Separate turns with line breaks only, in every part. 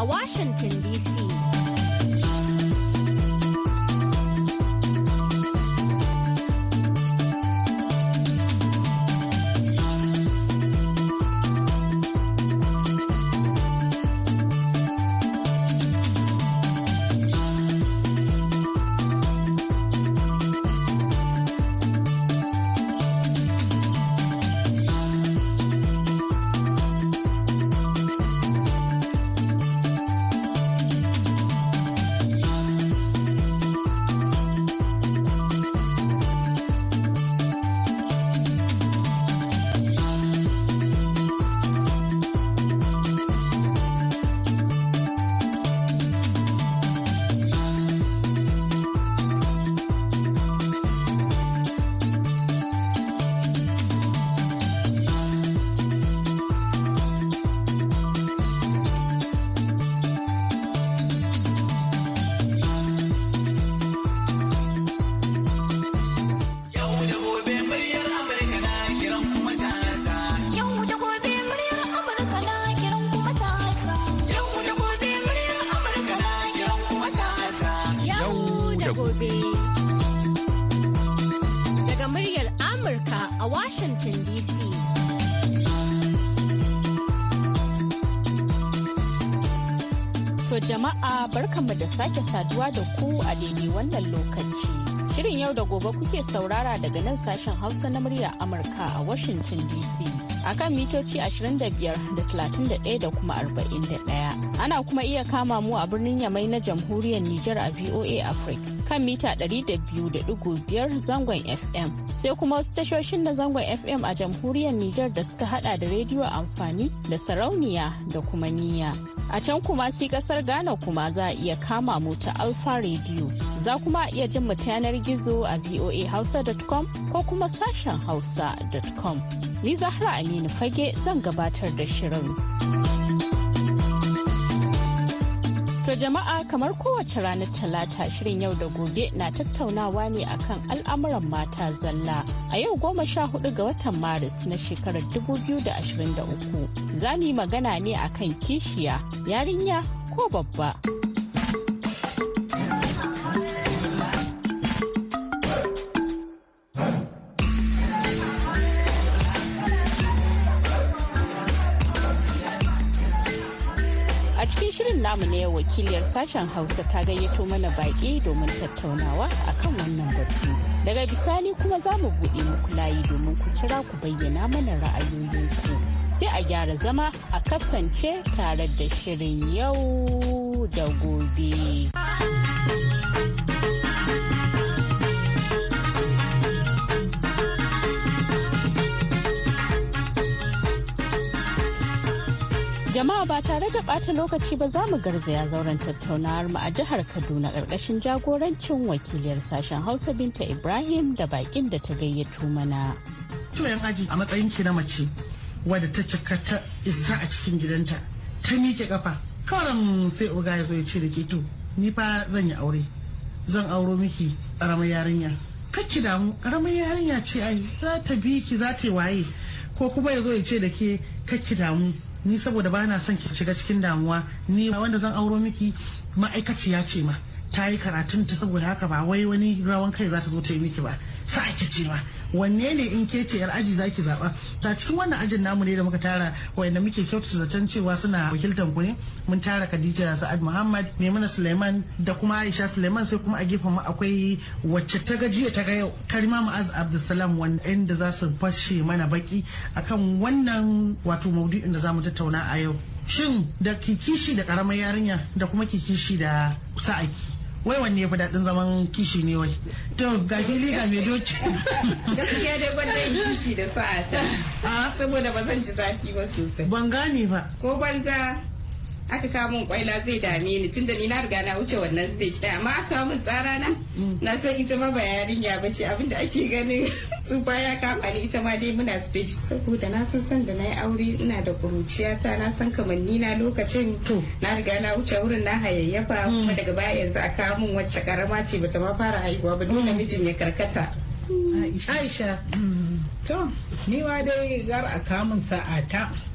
a Washington, D.C. barkanmu da sake saduwa da ku a daidai wannan lokaci. Shirin yau da gobe kuke saurara daga nan sashen Hausa na murya Amurka a Washington DC. A kan mitoci 25 da 31 da kuma 41. Ana kuma iya kama mu a birnin Yamai na jamhuriyar Nijar a VOA Africa. kan mita 200.5 zangon FM. Sai kuma wasu tashoshin na zangon FM a jamhuriyar Nijar da suka hada da rediyo amfani da sarauniya da kuma niyya. A can kuma si kasar Ghana kuma za a iya kama mu ta Alfa Radio. Za kuma iya jin mu ta yanar gizo a voahausa.com ko kuma sashen hausa.com. Ni Zahra Aminu Fage zan gabatar da shirin. To jama'a kamar kowace ranar talata shirin yau da gobe na tattaunawa ne akan al'amuran mata zalla. A yau goma sha hudu ga watan Maris na shekarar dubu biyu da uku za mu yi magana ne akan kishiya yarinya ko babba. namu ne wakiliyar sashen hausa ta gayyato mana baƙi domin tattaunawa a kan wannan batu daga bisani kuma za mu buɗe muku layi domin ku kira ku bayyana mana ra'ayoyinku sai a gyara zama a kasance tare da shirin yau da gobe. Jama'a ba tare da ɓata lokaci ba za mu garzaya zauren tattaunawar mu a jihar Kaduna ƙarƙashin jagorancin wakiliyar sashen Hausa Binta Ibrahim da bakin da ta gayyato
mana. 'yan aji a matsayin ki na mace wadda ta cika ta isa a cikin gidanta ta miƙe kafa kawaran sai oga ya zo ya ce da ke to ni fa zan yi aure zan auro miki ƙaramar yarinya ki damu ƙaramar yarinya ce ai za ta bi ki za ta yi waye ko kuma ya zo ya ce da ke ki damu ni saboda bana son ki shiga cikin damuwa ni wanda zan auro miki ma'aikaciya ce ma ta yi karatun ta saboda haka ba wai wani rawan kai za ta zo ta yi miki ba sa ake ce wanne ne in ke ce yar aji zaki zaba ta cikin wannan ajin namu ne da muka tara wayanda muke kyautata zaton cewa suna wakiltan ku ne mun tara Khadija Sa'ad Muhammad Maimuna Suleiman da kuma Aisha Suleiman sai kuma a gefen mu akwai wacce ta gajiya ta ga yau Karima Mu'az Abdulsalam wanda za su fashe mana baki akan wannan wato maudu'in da zamu tattauna a yau shin da kikishi da karamar yarinya da kuma kikishi da sa'aki wai wanne ya fi daɗin zaman kishi ne wai to ga fili ga mai doki gaskiya dai gwanda yin kishi da sa'a ta ah. saboda ba zan ji zafi ba sosai ban gane
ba ko banza aka kawo min kwaila zai dame ni tunda ni na riga na wuce wannan stage ɗaya amma aka min tsara na mm. na san ita ma ba yarinya ba ce abinda ake ganin tsufa ya kama ni ita ma dai muna stage saboda na san san da na yi aure ina da kuruciya ta na san ni na lokacin na riga na wuce wurin na hayayyafa mm. kuma daga baya yanzu a kawo min wacce karama ce bata ma fara haihuwa ba dole mm. mijin ya karkata
Aisha, to, ni ma dai gar a kamun sa'ata.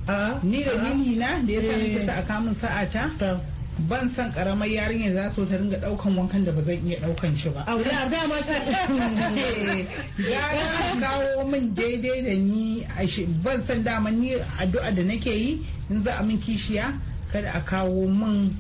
ni da gini na da ya sa ni sa a kamun ta. ban san karamar yarinya za su ta ringa daukan wankan da ba zan iya daukan shi ba. a Aula Ya mata. Gara kawo min daidai da ni a shi. ban san dama ni addu'a da nake yi in za a min kishiya kada a kawo min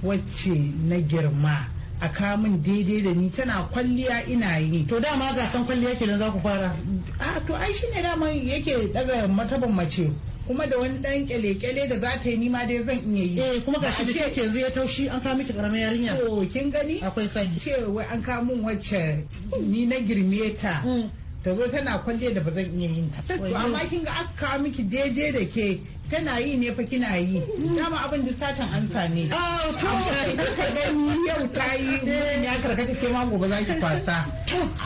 wacce na girma. a kamun daidai da ni tana kwalliya ina yi. To dama ga san kwalliya ke kenan za ku fara. A to ai shine dama yake daga mataban mace. kuma da wani dan kyale-kyale da za ta yi nima dai zan iya yi eh kuma shi da ke zai taushi an kawo miki karamar yarinya to kin gani akwai Ce wai an kawo min wacce ni na girme ta hmm. ta zo tana kwalle da ba zan iya yin ta to amma kin ga aka kawo miki daidai da ke tana yi ne fa kina yi dama abin da satan ansa ne ah, ka gani yau ta yi eh. ya karkata ke ma gobe za ki kwasa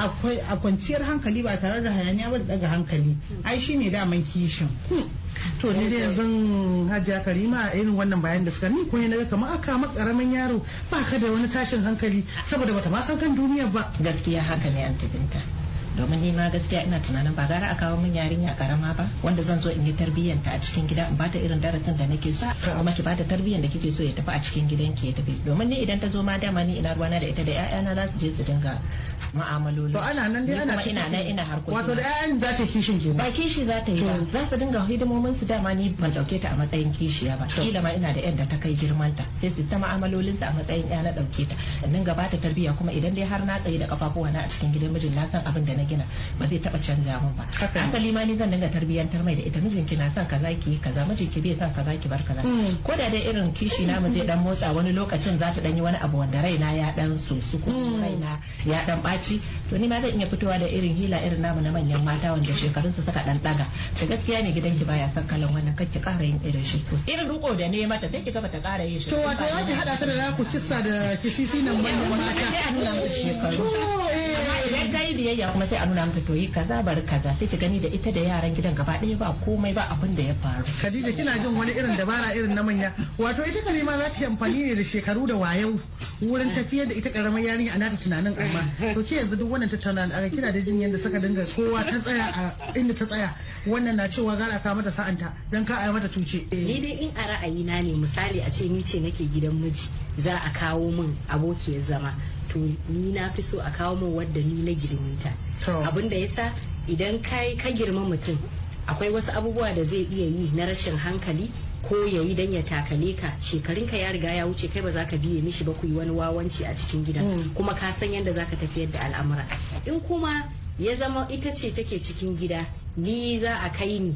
akwai a kwanciyar hankali ba tare da hayaniya ba da daga hankali ai shine daman kishin hmm. to ni dai yanzu
hajiya karima irin wannan bayan da suka ni ko ne ga kama aka maka karamin yaro ba ka da wani tashin hankali saboda bata ma san kan duniya ba gaskiya haka ne a binta domin ni ma gaskiya ina
tunanin ba gara a kawo min yarinya karama ba wanda zan zo in yi tarbiyyar ta a cikin gida in bata irin darasin da nake so kuma ki bata tarbiyyar da kike so ya tafi a cikin gidanki ya tafi domin ni idan ta zo ma dama ni ina ruwana da ita da ƴaƴana za su je su dinga ma'amaloli to ana nan dai ana ina nan ina harkoki wato da ƴaƴan za ta kishin ke ba kishi za ta yi ba za su dinga hidimomin su dama ni ban dauke ta a matsayin kishiya ba kila ma ina da ƴan da ta kai girman ta sai su ta ma'amalolin su a matsayin ƴa na dauke ta in dinga bata tarbiyya kuma idan dai har na tsaye da kafafuwa na a cikin gidan mijin na san abin da na gina ba zai taba canja mun ba hankali ma ni zan dinga tarbiyyantar mai da ita ki na son kaza ki kaza mijinki bai son kaza ki bar kaza hmm. ko da dai irin kishi na mu zai dan motsa wani lokacin za ta danyi yi wani abu wanda raina ya dan sosu ko hmm. raina ya dan baci to ni ma zan iya fitowa da irin hila irin namu na manyan mata wanda shekarun su suka dan daga to gaskiya ne gidanki baya son kalan wannan kake kara yin irin shi irin ruko da ne mata sai ki gaba ta kara yin shi to wato ya ki hada ta da ku kissa da kishi nan manyan mata to eh kai biyayya kuma sai a nuna mata to yi kaza bari
kaza sai ki gani da ita da yaran gidan gaba ɗaya ba komai ba abin da ya faru Khadija kina jin wani irin dabara irin na manya wato ita kare ma za ta yi amfani ne da shekaru da wayau wurin tafiyar da ita karamar yarinya ana nata tunanin amma to ke yanzu duk wannan tattaunawa aka kira da jin yadda suka dinga kowa ta tsaya a inda ta tsaya wannan na cewa gara ka mata sa'anta dan ka ayi mata cuce eh. ni dai
in a na ne misali a ce ni ce nake gidan miji za a kawo min abokiyar zama to ni na fi so a kawo min wadda ni na ta abin da yasa idan kai ka girma mutum akwai wasu abubuwa da zai iya yi na rashin hankali ko ya yi dan ya takale ka shekarunka ya riga ya wuce kai ba za ka biye mishi ba ku yi wani wawanci a cikin gida mm. kuma ka san yadda za ka tafiyar da al'amura in kuma ya zama ita ce take cikin gida ni za a kai ni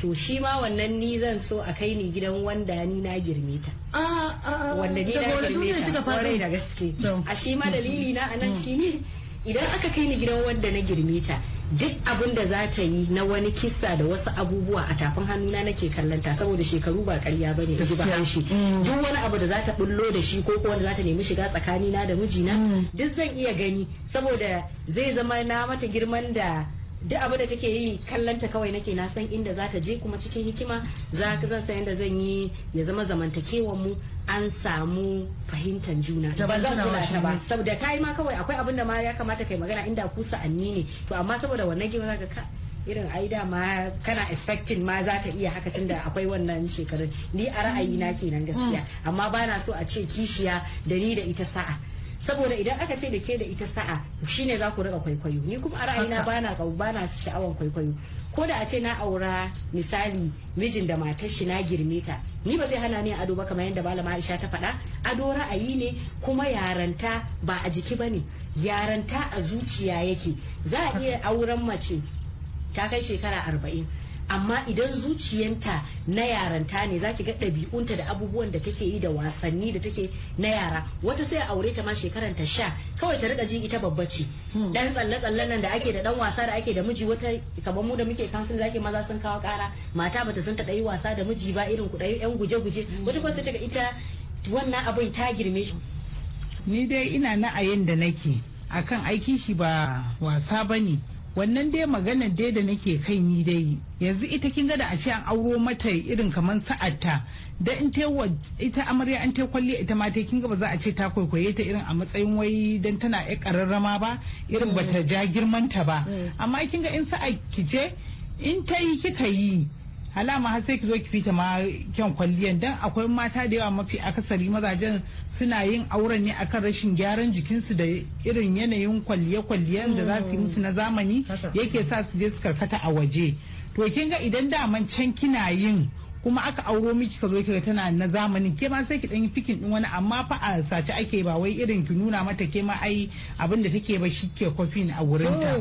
to shi ma wannan ni zan so a kai ni gidan wanda ni na girme ta
ah, ah, ah, wanda ni na girme ta kwarai
da gaske a shi ma dalili na nan hmm. shi ne idan aka kai ni gidan wanda na girme ta duk abin da za ta yi na wani kissa da wasu abubuwa a tafin hannuna nake kallanta saboda shekaru ba karya ba ne ji ba shi hmm. duk wani abu da za ta bullo da shi ko wanda za ta nemi shiga tsakanina da mijina hmm. duk zan iya gani saboda zai zama na mata girman da duk abin da take yi kallanta kawai nake na san inda za ta je kuma cikin hikima za ka zan san yadda zan yi ya zama zamantakewan mu an samu fahimtar juna ba zan kula ta ba saboda ta yi ma kawai akwai abin da ma ya kamata kai magana inda ku sa'anni ne to amma saboda wannan gima za ka irin ai ma kana expecting ma za ta iya haka tun da akwai wannan shekarun ni a ra'ayi na kenan gaskiya mm. amma bana so a ce kishiya da ni da ita sa'a saboda idan aka ce da ke da ita sa'a shine za ku rika kwaikwayo ni kuma a ra'ayina bana kau bana sha'awan kwaikwayo ko da a ce na aura misali mijin da matar shi na girme ta ni ba zai hana ni ado ba kamar yadda malama Aisha ta faɗa ado ra'ayi ne kuma yaranta ba a jiki bane yaranta a zuciya yake za a iya auren mace ta kai shekara arba'in amma idan zuciyanta na yaranta ne za ki ga ɗabi'unta da abubuwan da take yi da wasanni da take na yara wata sai a aure ta ma shekaran ta sha kawai ta rika jin ita babba ce dan hmm. tsalle tsalle nan da ake da dan wasa da ake da miji wata kamar mu da muke kansu zaki maza sun kawo kara mata bata san ta yi wasa da miji ba irin ku dai yan guje guje hmm. wata kuma sai ta ga ita wannan abin ta girme shi
ni dai ina na'ayin da nake akan aikin shi ba wasa bane wannan dai magana dai da nake kan yi dai yanzu ita kin ga da a ce an auro mata irin kamar sa'atta da in ta ita amarya an ta kwalli ita ma kin ga ba za a ce ta kwaikwaye ta irin a matsayin wai dan tana ya kararrama ba irin bata ja girman ta ba mm. amma kin ga in sa'a ki je in ta yi kika yi alama har sai ki zo ki fita ma kyan kwalliyan dan akwai mata da yawa mafi akasari mazajen suna yin auren ne akan rashin gyaran jikinsu da irin yanayin kwalliye-kwalliyen da za su yi musu na zamani mm. yake sa su je su karkata a waje to kin ga idan daman can kina yin kuma aka auro miki ka zo tana na zamani ke ma sai ki dan yi fikin din wani amma fa a sace ake ba wai irin ki nuna mata ke ma ai abin da take ba shi ke kofin a wurinta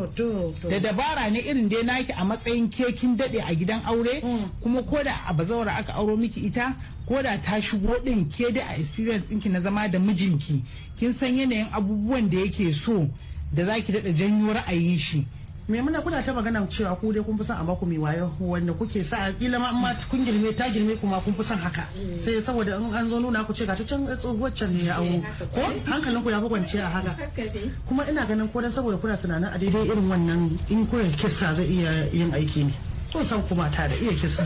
ta da dabara
ne irin dai naki a matsayin kekin daɗe dade a gidan aure mm. kuma ko da a bazawara aka auro miki ita ko da ta shigo din ke da a experience ɗinki na zama da mijinki kin san yanayin abubuwan da yake so da zaki dada janyo ra'ayin shi Me muna kuna
ta magana cewa ku dai kun fi son a maku mai wayo wanda kuke sa a kila ma amma kun girme ta girme kuma kun fi son haka sai saboda in an zo nuna ku ce ga ta can tsohuwar can ne ya auro ko hankalinku ya fi kwance a haka kuma ina ganin ko dan saboda kuna tunanin a daidai irin wannan in koyar kissa zai iya yin aiki ne ko san kuma ta da iya kissa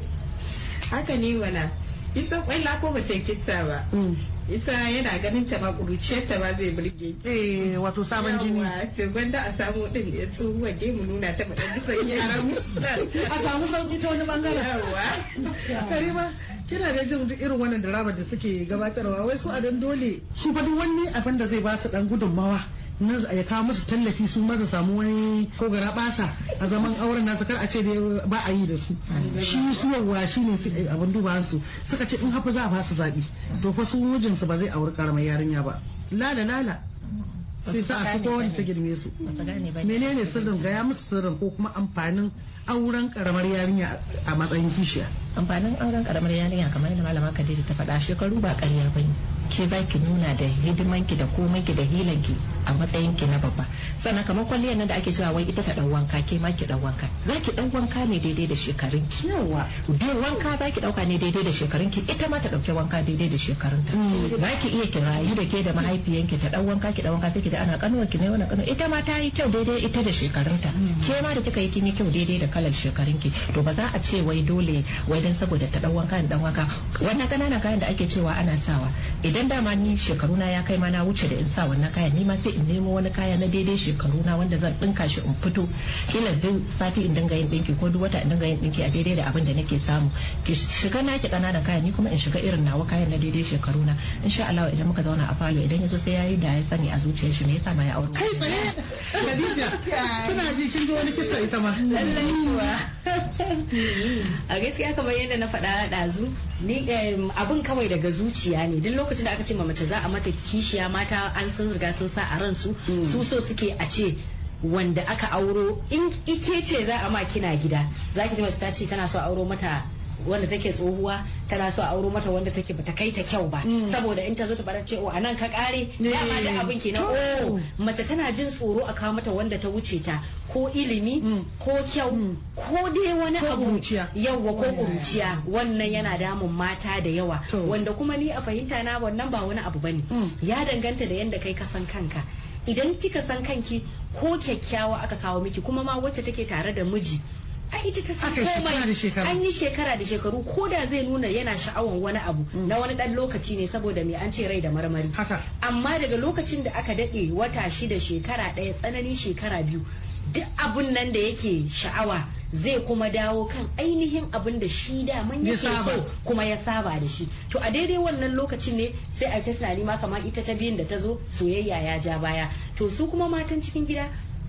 haka ne wala isa kwai ko ba sai kisa ba mm. Isa yana ganin ta ma
ta ba zai birge. eh wato sabon jini to gwanda a samu din ya mu nuna ta madan dukan yaran a samu sauki ta wani bangaren yawa
karima
kina da jin irin wannan drama da suke gabatarwa wai su a dan dole shi fa duk wani abin da zai ba su dan gudunmawa ya kawo musu tallafi su maza samu wani ko gara basa a zaman auren nasu kar a ce da ba a yi da su shi su yawwa shi ne abin duba su suka ce in hafa za a basu zaɓi to fa su mijinsu ba zai auri karamar yarinya ba lala lala sai sa su ko ta girme su menene sirrin gaya musu sirrin ko kuma amfanin auren karamar yarinya a matsayin kishiya amfanin auren
karamar yarinya kamar yadda malama kadeji ta faɗa shekaru ba ƙarya ne. ke za ki nuna da hidimanki da komanki da hilanki a matsayinki na babba sannan kamar kwalliyar nan da ake cewa wai ita ta dan wanka ke ma ki dan wanka za ki dan wanka ne daidai da shekarun ki yawa dai wanka za ki dauka ne daidai da shekarun ki ita ma ta dauke wanka daidai da shekarun ta mm. za ki iya ki rayu da ke da mahaifiyanki ta dan wanka ki dan wanka sai ki da ana kanuwar ki ne wannan kanuwar ita ma ta yi kyau daidai ita da shekarun ta mm. ke ma da kika yi kin yi kyau daidai da kalar shekarun ki to ba za a ce wai dole wai dan saboda ta dan wanka dan wanka wannan kananan kayan da ake cewa ana sawa idan idan dama ni shekaru na ya kai ma na wuce da in sa wannan kayan ni ma sai in nemo wani kaya na daidai shekaru na wanda zan dinka shi in fito kila duk sati in dinga yin dinki ko duk wata in dinga yin dinki a daidai da abin da nake samu ki shiga naki kananan kaya ni kuma in shiga irin nawa kayan na daidai shekaru na insha Allah idan muka zauna a falo idan yazo sai yayi da ya sani a zuciyar shi me yasa ma ya aure kai tsaye Khadija kuna ji kin ji wani kisa ita ma lallai kuwa a
gaskiya kamar yadda na faɗa ɗazu ni eh, abin kawai daga zuciya ne duk lokacin da aka ce ma mace za a mata kishiya mata an san riga sun sa a ransu mm. su so suke a ce wanda aka auro in ike ce za a ma kina gida za ki ji mace ta ce tana so auro mata wanda take tsohuwa tana so a auro mata wanda take bata kai ta kyau ba mm. saboda in ta zo ta bada ce o oh, anan ka kare dama da abin kenan o oh, mace tana jin tsoro a kawo mata wanda ta wuce ta ko ilimi mm. ko kyau mm. ko dai wani abu yawa ko kuruciya wannan yana damun mata da yawa wanda kuma ni a fahimta na wannan ba wani abu bane ya danganta da yanda kai ka san kanka idan kika san kanki ko kyakkyawa aka kawo miki kuma ma wacce take tare da miji ai ita ta san komai an yi shekara da shekaru ko da zai nuna yana sha'awan wani abu mm. na wani dan lokaci ne saboda me an ce rai da marmari amma daga lokacin da aka dade wata shida shekara daya tsananin shekara biyu duk abun nan da yake sha'awa zai kuma dawo kan ainihin abin da shi daman yake so kuma ya saba da shi to a daidai wannan lokacin ne sai a ta tunani ma kamar ita ta biyun da ta zo soyayya ya ja baya to su kuma matan cikin gida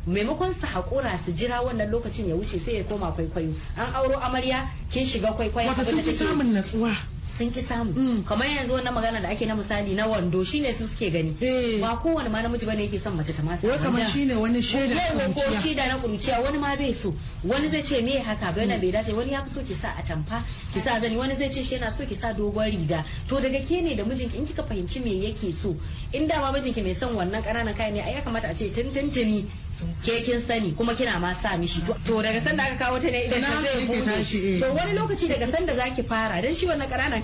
maimakon su haƙura su jira wannan lokacin ya wuce sai ya koma kwaikwayo an auro amarya kin shiga kwaikwayo wata sun fi samun natsuwa sun ki samu mm. kamar yanzu wannan magana da ake na misali na wando shine su suke gani eh. ba kowane ma namiji bane yake son mace ta masa wanda kamar shine wani shaida na ko shaida na kuruciya wani ma bai so wani zai ce me haka ba yana mm. bai dace wani ya fi so ki sa a tamfa ki sa zani wani zai ce shi yana so ki sa dogon riga to daga ke ne da mijinki in kika fahimci me yake so in da ma mijinki mai son wannan ƙananan kai ne ai ya kamata a ce tantantani ke kin sani kuma kina ma sa mishi to daga sanda aka kawo ta ne idan ta zai eh. to wani lokaci daga sanda zaki fara dan shi wannan ƙananan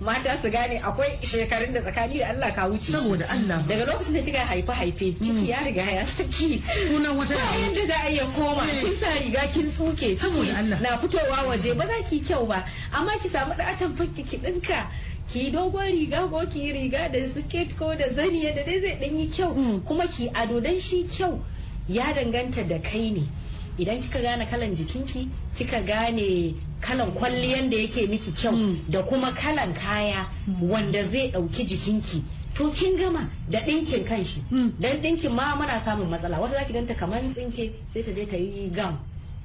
mata su gane akwai shekarun da tsakani da Allah ka wuce saboda Allah daga lokacin da kika haifi haife hmm. ciki ya riga ya saki sunan wata ba yanda za a iya koma eh. kin sa riga kin tsuke saboda Allah na fitowa waje ba za ki kyau ba amma ki samu da atan fakki ki dinka ki dogon riga ko ki riga da siket ko da zani da dai zai danyi kyau hmm. kuma ki ado dan shi kyau ya danganta da kai ne idan kika gane kalan jikinki kika gane kalan kwalliyan da yake miki kyau mm. da kuma kalan kaya mm. wanda zai ɗauki jikinki to kin gama da dinkin kanshi mm. dan dinkin ma muna samun matsala wata zaki ki ganta kamar tsinke sai ta je ta yi gam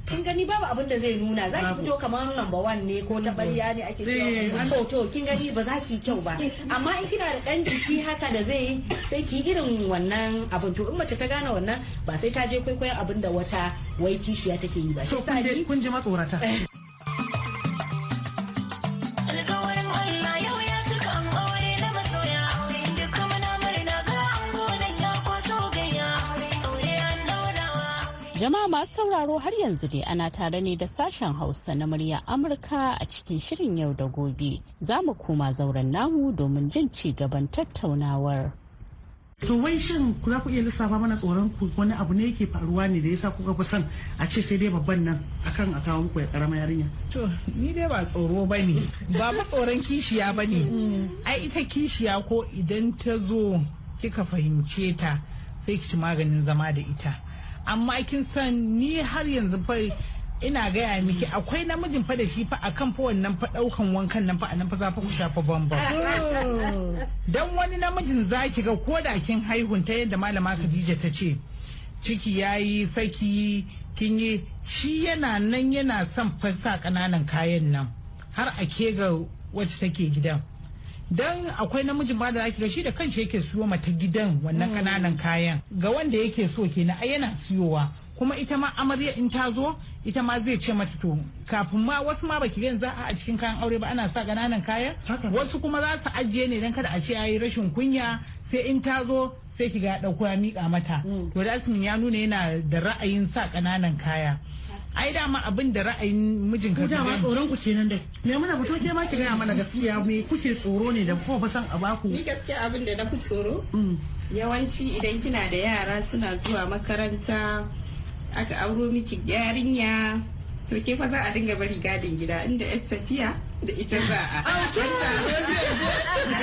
kin gani babu abin da zai nuna za ki fito kaman number one ne ko ta bariya ne ake cewa eh, to to kin gani ba za ki kyau ba eh. amma in kina da dan jiki haka da zai sai ki irin wannan abin to in mace ta gane wannan ba sai ta je kwaikwayon abin da wata wai
kishiya take yi ba shi kun ji matsorata
Jama'a masu sauraro har yanzu dai ana tare ne da sashen Hausa na murya Amurka a cikin shirin yau da gobe. Za mu koma zauren namu domin jin ci gaban tattaunawar.
To wai shin kuna ku iya lissafa mana tsoron ku wani abu ne yake faruwa ne da yasa kuka fi
a ce sai dai babban nan akan a kawo muku ya karama yarinya. To ni dai ba tsoro ba ba ma tsoron kishiya ba ne. Mm. Ai ita kishiya ko idan ta zo kika fahimce ta sai ki ci maganin zama da ita. amma kin san ni har yanzu fa ina gaya miki akwai namijin fa da shi fa akan fa wannan fa daukan wankan nan fa anan fa za fa ku shafa bamba dan wani namijin zaki ga ko da kin haihunta yadda malama Khadija ta ce ciki yayi saki kin yi shi yana nan yana son fasa kananan kayan nan har a ke ga wacce take gidan dan akwai namijin ba da zaki ga shi da kanshi yake siyo mata gidan wannan mm. kananan kayan ga wanda yake so kenan ai yana siyowa kuma ita ma amarya in ta zo ita ma zai ce mata to kafin ma wasu ma baki gani za a cikin kayan aure ba ana sa kananan kayan wasu kuma za su ajiye ne dan kada a ce yayi rashin kunya sai in ta zo sai ki ga dauko ya mika mata mm. to da ya nuna yana da ra'ayin sa kananan kaya ai dama abin da ra'ayin mijin ka dama tsoron ku kenan dai me muna fito ke ma ki ga mana gaskiya me kuke tsoro ne da ko ba san a baku ni gaskiya abin da na fi tsoro
mm.
yawanci idan kina da yara suna zuwa makaranta aka auro miki yarinya to ke fa za a dinga bari gadin gida inda yar tafiya da
ita za a da ah,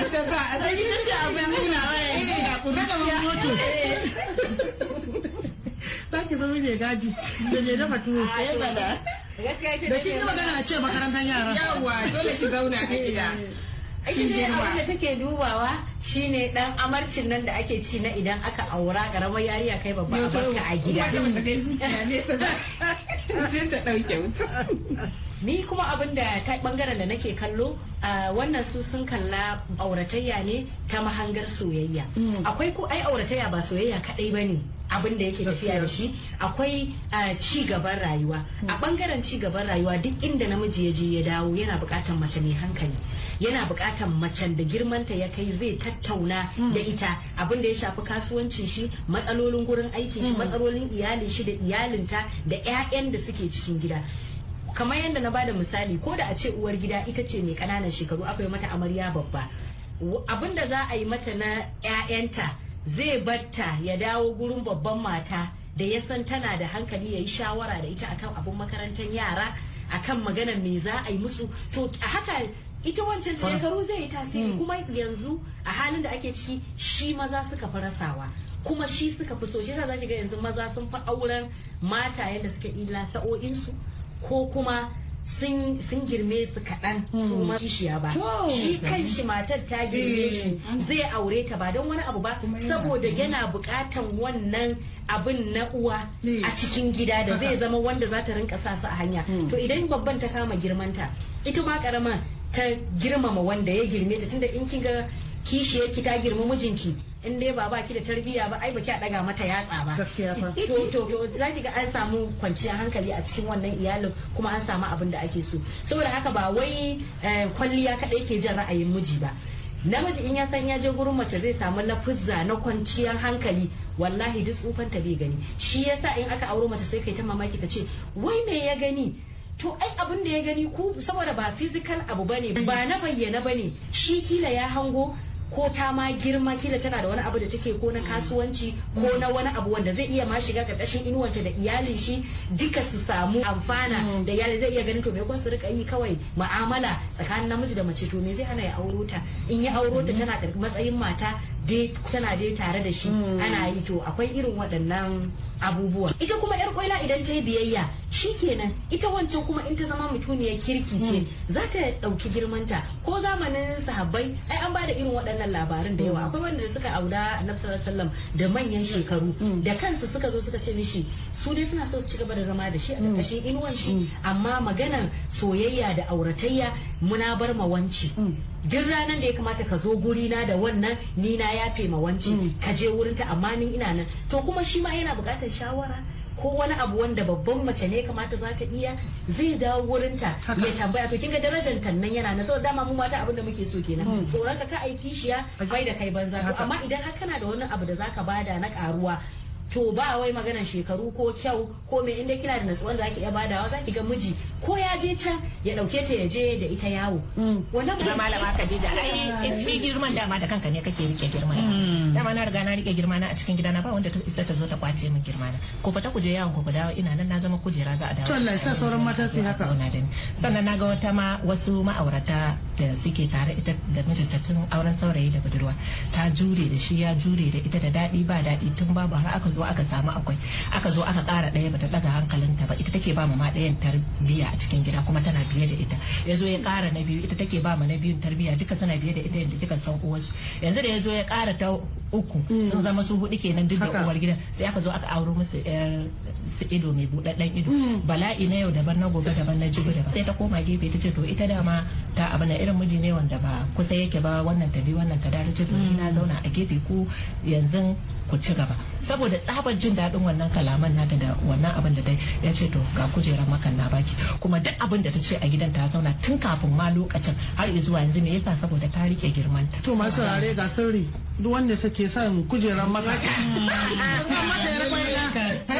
ita za a zai yi abin nuna ya yi ga eh, kuma
za ki zama mai gadi da mai dafa tuwo da
kin yi magana a ce makarantar yara yawa dole ki zauna a gida ake ne abin da take dubawa shine dan amarcin nan da ake ci na idan aka aura karamar yariya kai babba barka a gida ni kuma abin da ta bangaren da nake kallo wannan su sun kalla auratayya ne ta mahangar soyayya akwai ko ai auratayya ba soyayya kadai bane abin da yake tafiya da shi akwai eh, ci gaban rayuwa a bangaren ci gaban rayuwa duk inda namiji ya je ya dawo yana bukatan mace mai hankali yana bukatan macen da girmanta ya kai zai tattauna da mm. ita abin da ya shafi kasuwancin shi matsalolin gurin aiki shi mm. matsalolin iyalin shi da iyalinta da 'ya'yan da suke cikin gida kamar yadda na bada misali ko da a ce uwar gida ita ce mai ƙananan shekaru akwai mata amarya babba abin da za a yi mata na 'ya'yanta zai batta ya dawo gurin babban mata da ya san tana da hankali ya yi shawara da ita akan abun makarantar yara akan magana me za a yi musu to a haka ita wancan shekaru zai yi tasiri hmm. kuma yanzu a halin da ake ciki shi maza suka fi rasawa kuma shi suka fi so shi za ga yanzu maza sun fi auren mata yadda suka ila sa'o'insu ko kuma sun girme su kaɗan kuma ma hmm. kishiya ba shi kan shi matar ta girme shi eh. zai aure ta ba don wani abu ba saboda yana buƙatan wannan abin na uwa eh. a cikin gida da zai zama wanda za ta rinka sa su a hanya hmm. to idan babban ta kama girmanta ita ma karama ta girmama wanda ya girme ta tunda in kinga kishiyar ki ta girma mijinki in dai ba baki da tarbiyya ba ai baki a daga mata yatsa ba to to za zaki ga an samu kwanciyar hankali a cikin wannan iyalin kuma an samu abin da ake so saboda haka ba wai eh, kwalliya kadai ke jin ra'ayin miji ba namiji in ya san ya je gurin mace zai samu lafuzza na kwanciyar hankali wallahi duk tsufanta bai gani shi yasa in aka auro mace sai kai ta mamaki ta ce wai me ya gani to ai abin da ya gani ku saboda ba physical abu bane mm. ba na bayyana bane shi kila ya hango ko ta ma girma kila tana da wani abu da take ko na mm. kasuwanci ko na wani abu wanda zai iya ma shiga karkashin inuwanta da iyalin shi duka su samu amfana mm. da iyalin zai iya ganin to me su rika yi kawai mu'amala tsakanin namiji da mace to me zai hana ya aurota ta in ya aurota ta tana matsayin mata tana dai tare da shi hmm. ana yi to akwai irin waɗannan abubuwa ita kuma yar kwaila idan ta yi biyayya shi kenan ita wancan kuma in ta zama mutuniyar kirki ce hmm. za ta ɗauki girmanta ko zamanin sahabbai ai an bada irin waɗannan labarin da yawa hmm. akwai wanda suka auda annabi sallam da manyan shekaru da kansu suka zo suka ce mishi su dai suna so su ci gaba da zama da shi a ƙarƙashin inuwan shi amma maganar soyayya da auratayya muna bar ma wanci duk ranar da ya kamata ka zo guri na da wannan ni na yafe ma wanci mm. ka je wurin amma ni ina nan to kuma shi ma yana buƙatar shawara ko wani abu wanda babban mace ne kamata za ta iya zai dawo wurinta ya tambaya to kinga darajar kan nan yana na saboda dama mu mata abin da muke so kenan mm. tsoron ka ka aiki shi ya bai da kai banza to amma idan har kana da wani abu da zaka bada na karuwa to ba wai maganan shekaru ko kyau ko me inda kina da natsuwan da ake iya badawa zaki ga miji ko ya je can ya dauke ta ya je da ita yawo mm. wannan ba malama ka je da ai eh, shi
eh. girman dama da kanka ne kake rike girman mm. dama na riga na rike girma na a cikin gidana ba wanda ta isa ta zo ta kwace min girma na ko fa ta kuje yawon ku dawo ina nan na zama kujera za a dawo to Allah sauran mata su haka sannan na ga wata ma wasu ma'aurata da suke tare ita da mijinta tun auren saurayi da budurwa ta jure da shi ya jure da ita da dadi ba dadi tun babu har aka zo aka samu akwai aka zo aka kara ɗaya bata daga hankalinta ba ita take ba mu ma ɗayan tarbiyya a cikin gida kuma tana biye da ita ya zo ya kara na biyu ita take ba mu na biyun tarbiya duka tana biye da ita yadda kika san uwarsu yanzu da ya zo ya kara ta uku mm. sun zama su hudu kenan duk da uwar gidan sai aka zo aka auro musu yar su ido mai buɗaɗɗen ido mm. bala'i na yau daban na gobe daban na jibi daban sai ta koma gefe ta ce to ita dama ta abu na irin miji ne wanda ba kusa yake ba wannan ta bi wannan ta ce ta na mm. zauna a gefe ku yanzu ku ci gaba saboda tsabar jin daɗin wannan kalaman na da wannan abin da ya ce to ga kujerar makan na baki kuma duk abin da ta ce a gidan ta zauna tun kafin ma lokacin har zuwa yanzu me yasa saboda ta rike girman ta to masu rare
ga sirri duk wanda suke son kujerar maka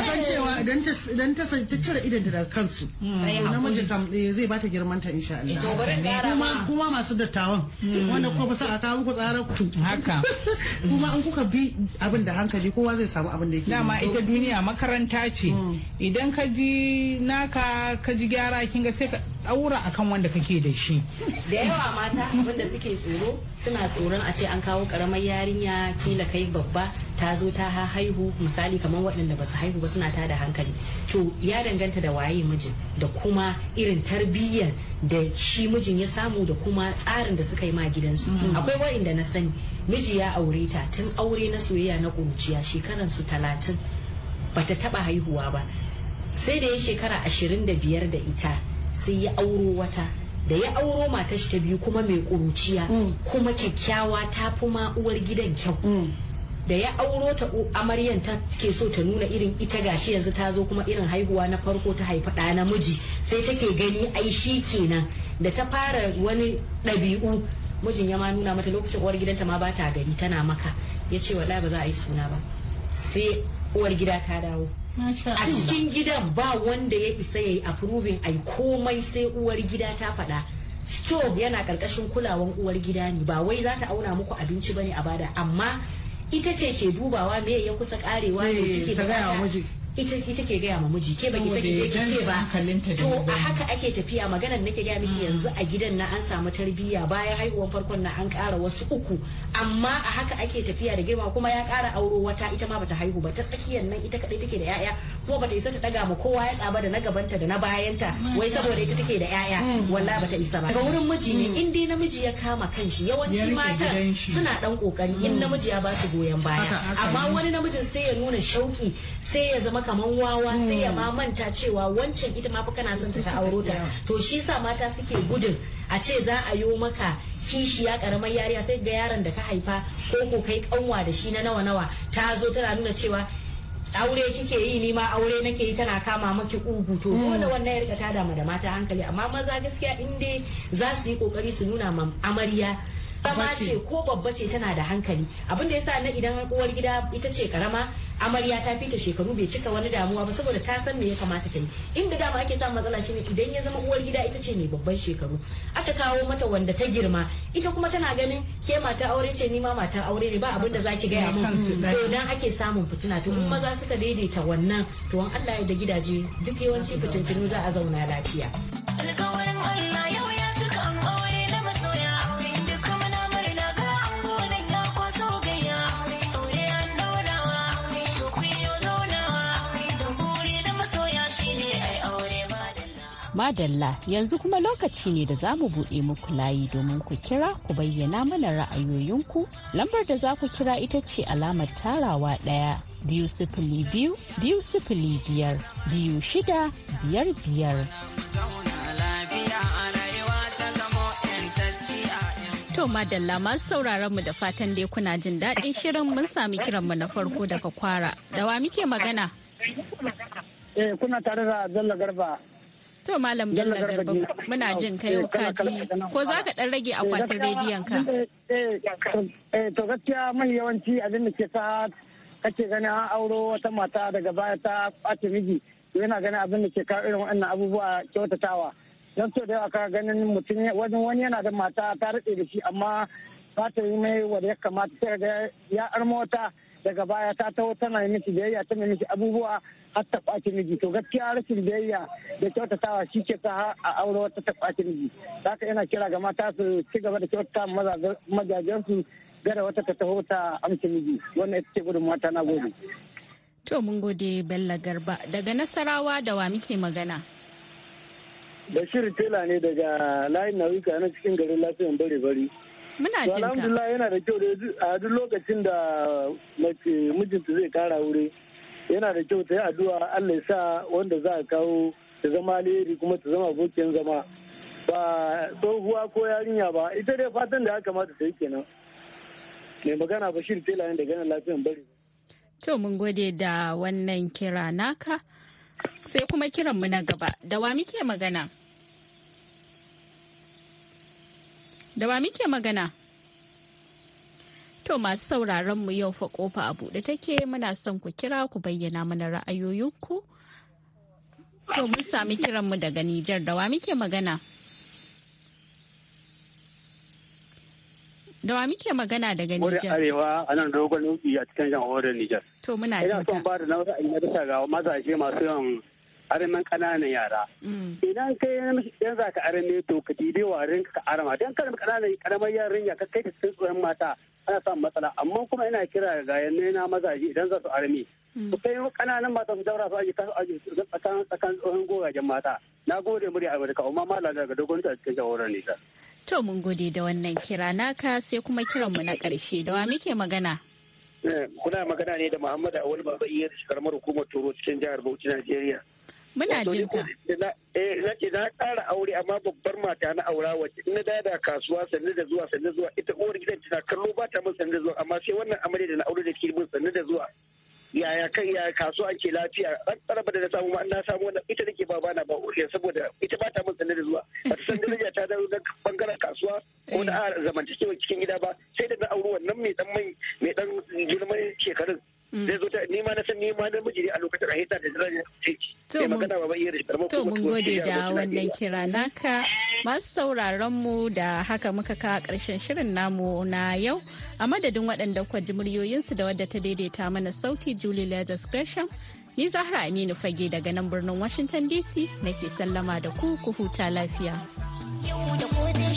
san cewa idan ta ta cire idan daga kansu namiji kam eh, zai bata girman ta insha Allah kuma
masu dattawan wanda kuma ba sa a kawo ku tsara ku haka kuma an kuka bi abin da hankali kowa zai samu abin da yake dama ita duniya makaranta ce mm. idan ka ji naka ka ji gyara kinga sai ka daura kan wanda kake da shi da yawa
mata wanda suke tsoro suna tsoron a ce an kawo karamar yarinya kila kai babba ta zo ta haihu misali kamar waɗanda ba su haihu ba suna ta da hankali to ya danganta da waye mijin da kuma irin tarbiyyar da shi mijin ya samu da kuma tsarin da suka yi ma gidansu mm. akwai waɗanda na sani miji ya aure ta tun aure na soyayya na ƙuruciya shekaran su talatin bata taɓa haihuwa ba sai da ya shekara ashirin da biyar da ita sai ya auro wata da ya auro matar shi ta biyu kuma mai ƙuruciya. Mm. kuma kyakkyawa ta fi ma uwar gidan kyau mm. da ya auro ta amaryan ta ke so ta nuna irin ita gashi yanzu ta zo kuma irin haihuwa na farko ta haifa ɗa namiji sai take gani ai shi kenan da ta fara wani ɗabi'u mijin ya ma nuna mata lokacin uwar gidanta ma ba ta gari tana maka ya ce wallahi ba za a yi suna ba sai uwar gida ta dawo
a cikin
gidan ba wanda ya isa ya yi approving ai komai sai uwar gida ta faɗa stove yana ƙarƙashin kulawan uwar gida ne ba wai za ta auna muku abinci ne a bada amma ita ce ke dubawa me ya kusa ƙarewa ne kike da eh, ita ita ke gaya ma miji ke baki saki je ki ce ba to a haka ake tafiya maganar nake gaya miki hmm. yanzu a gidan na an samu tarbiyya bayan haihuwar farkon na an kara wasu uku amma a haka ake tafiya da girma kuma ya kara auro wata ita ma bata haihu ba ta tsakiyar nan ita kadai take da yaya kuma bata isa ta daga ma kowa ya tsaba da na gabanta da na bayanta wai saboda ita take da yaya hmm. wallahi bata isa ba ga wurin miji ne hmm. in dai namiji ya kama kanshi yawanci mata suna dan kokari in namiji ya ba su goyon baya amma wani namijin sai ya nuna shauki sai ya zama kamar kaman wawa sai ya hmm. ma manta cewa wancan ita ma fa kana son ta auro ta to shi sa mata suke gudun a ce za a yo maka kishiya karamar yariya sai ga yaron da ka haifa ko ko kai kanwa da shi na nawa nawa ta zo tana nuna cewa aure kike yi ni ma aure nake yi tana kama maki ugu to hmm. dole wannan ya rika tada da mata hankali amma maza gaskiya in dai za su yi kokari su nuna ma amarya baba ce ko babba ce tana da hankali abin da yasa na idan uwar gida ita ce karama amarya ta fita shekaru bai cika wani damuwa ba saboda ta san me ya kamata ta yi inda dama ake samun matsala shine idan ya zama uwar gida ita ce mai babban shekaru aka kawo mata wanda ta girma ita kuma tana ganin ke mata aure ce ni ma mata aure ne ba abin da zaki gaya min to dan ake samun fitina to in maza suka daidaita wannan to an Allah ya da gidaje duk yawanci fitintinu za a zauna lafiya
alƙawarin Allah
Madalla yanzu kuma lokaci ne da za mu buɗe muku layi domin ku kira ku bayyana mana ra'ayoyinku. Lambar da za ku kira ita ce alamar tarawa ɗaya biyu sifili biyu biyu sifili biyar biyu shida biyar biyar. To madalla masu sauraron mu da fatan dai kuna jin daɗin shirin mun sami kiran mu na farko daga kwara. Da wa muke magana?
Eh kuna tare da zalla Garba.
To Malam Bello Garba muna jin kai eh, kaji ko za ka dan rage eh, akwatin rediyon ka.
Eh, to gaskiya mai yawanci abin da ke sa kake gani an auro wata mata daga baya ta ɓace miji yana gani abin da ke kawo irin wannan abubuwa kyautatawa. Don to da yawa ganin mutum wani yana da mata ta rike da shi amma ba ta yi mai wanda ya kamata ta ga ya armo ta. daga baya ta taho tana yi miki biyayya tana miki abubuwa har ta kwace miji to gaskiya rashin biyayya da kyautatawa shi ke ka a aure wata ta kwace miji haka yana kira ga mata su ci gaba da kyautata su gara wata ta taho ta amsa miji wannan ita ce gudun mata na gode.
To mun gode Bello Garba daga Nasarawa da wa muke magana.
Bashir Tela ne daga layin nauyuka na cikin garin lafiyan bare bari.
Muna jin ka. Alhamdulillah
yana da kyau a duk lokacin da mace mijinta zai kara wuri yana da kyau ta yi addu'a Allah ya sa wanda za a kawo ta zama alheri kuma ta zama abokin zama ba tsohuwa ko yarinya ba ita dai fatan da ya kamata ta yi kenan. Mai magana Bashir Tela da ganin lafiyan bari.
To mun gode da wannan kira naka sai kuma kiranmu na gaba da wa muke magana. Da ba muke magana? To masu sauraron mu yau fa kofa a buɗe take muna son ku kira ku bayyana mana ra'ayoyinku. To mun sami kiran mu daga Nijar da wa muke magana? Da wa muke magana daga Nijar? Wurin
Arewa a nan dogon nufi a cikin jamhuriyar Nijar. To muna jin Ina son ba da na wasu na ga masu ashe masu yawan ƙaramin ƙananan yara mm. idan kai yan za ka arame to ka dibe rinka ka arama don kana ƙananan ƙaramar yarinya ka kai ta cikin mata ana samun matsala amma kuma ina kira ga gayan na mazaje idan za su arame mm. su kai ƙananan mata su daura su aji kasu aji tsakanin tsohon gogajen mata na gode murya amurka umma lalata ga dogon ta cikin shawarar nisa.
To mun gode da wannan kira naka sai kuma kiranmu na ƙarshe da wa muke magana.
Eh, kuna magana ne da Muhammadu Awal Baba Iyar karamar hukumar Turo cikin jihar Bauchi Najeriya.
Muna jin
ka.
Eh na ce na ƙara aure amma babbar mata na aura wacce in na dada kasuwa sannu da zuwa sannu zuwa ita uwar gidan tana kallo ba ta min sannu da zuwa amma sai wannan amare da na aure da ke min sannu da zuwa. Yaya kan ya kasuwa ke lafiya an tsaraba da na samu ma na samu wannan ita nake ba bana ba uriya saboda ita ba ta min sannu da zuwa ba ta san daraja ta dawo da bangaren kasuwa ko na eh. zamantakewa cikin gida ba sai da na auri wannan mai dan mai dan girman shekarun Mm. zai zo ta ni ma na san ni ma na miji ne a lokacin a hita da zai ce sai magana ba iya da karma to mun gode da wannan
kira naka masu sauraron mu da haka muka kawo karshen shirin namu na yau a madadin waɗanda kwa ji muryoyinsu da wadda ta daidaita mana sauti Julie Leathers Gresham Ni Zahra Aminu Fage daga nan birnin Washington DC nake sallama da ku ku huta lafiya. Yau da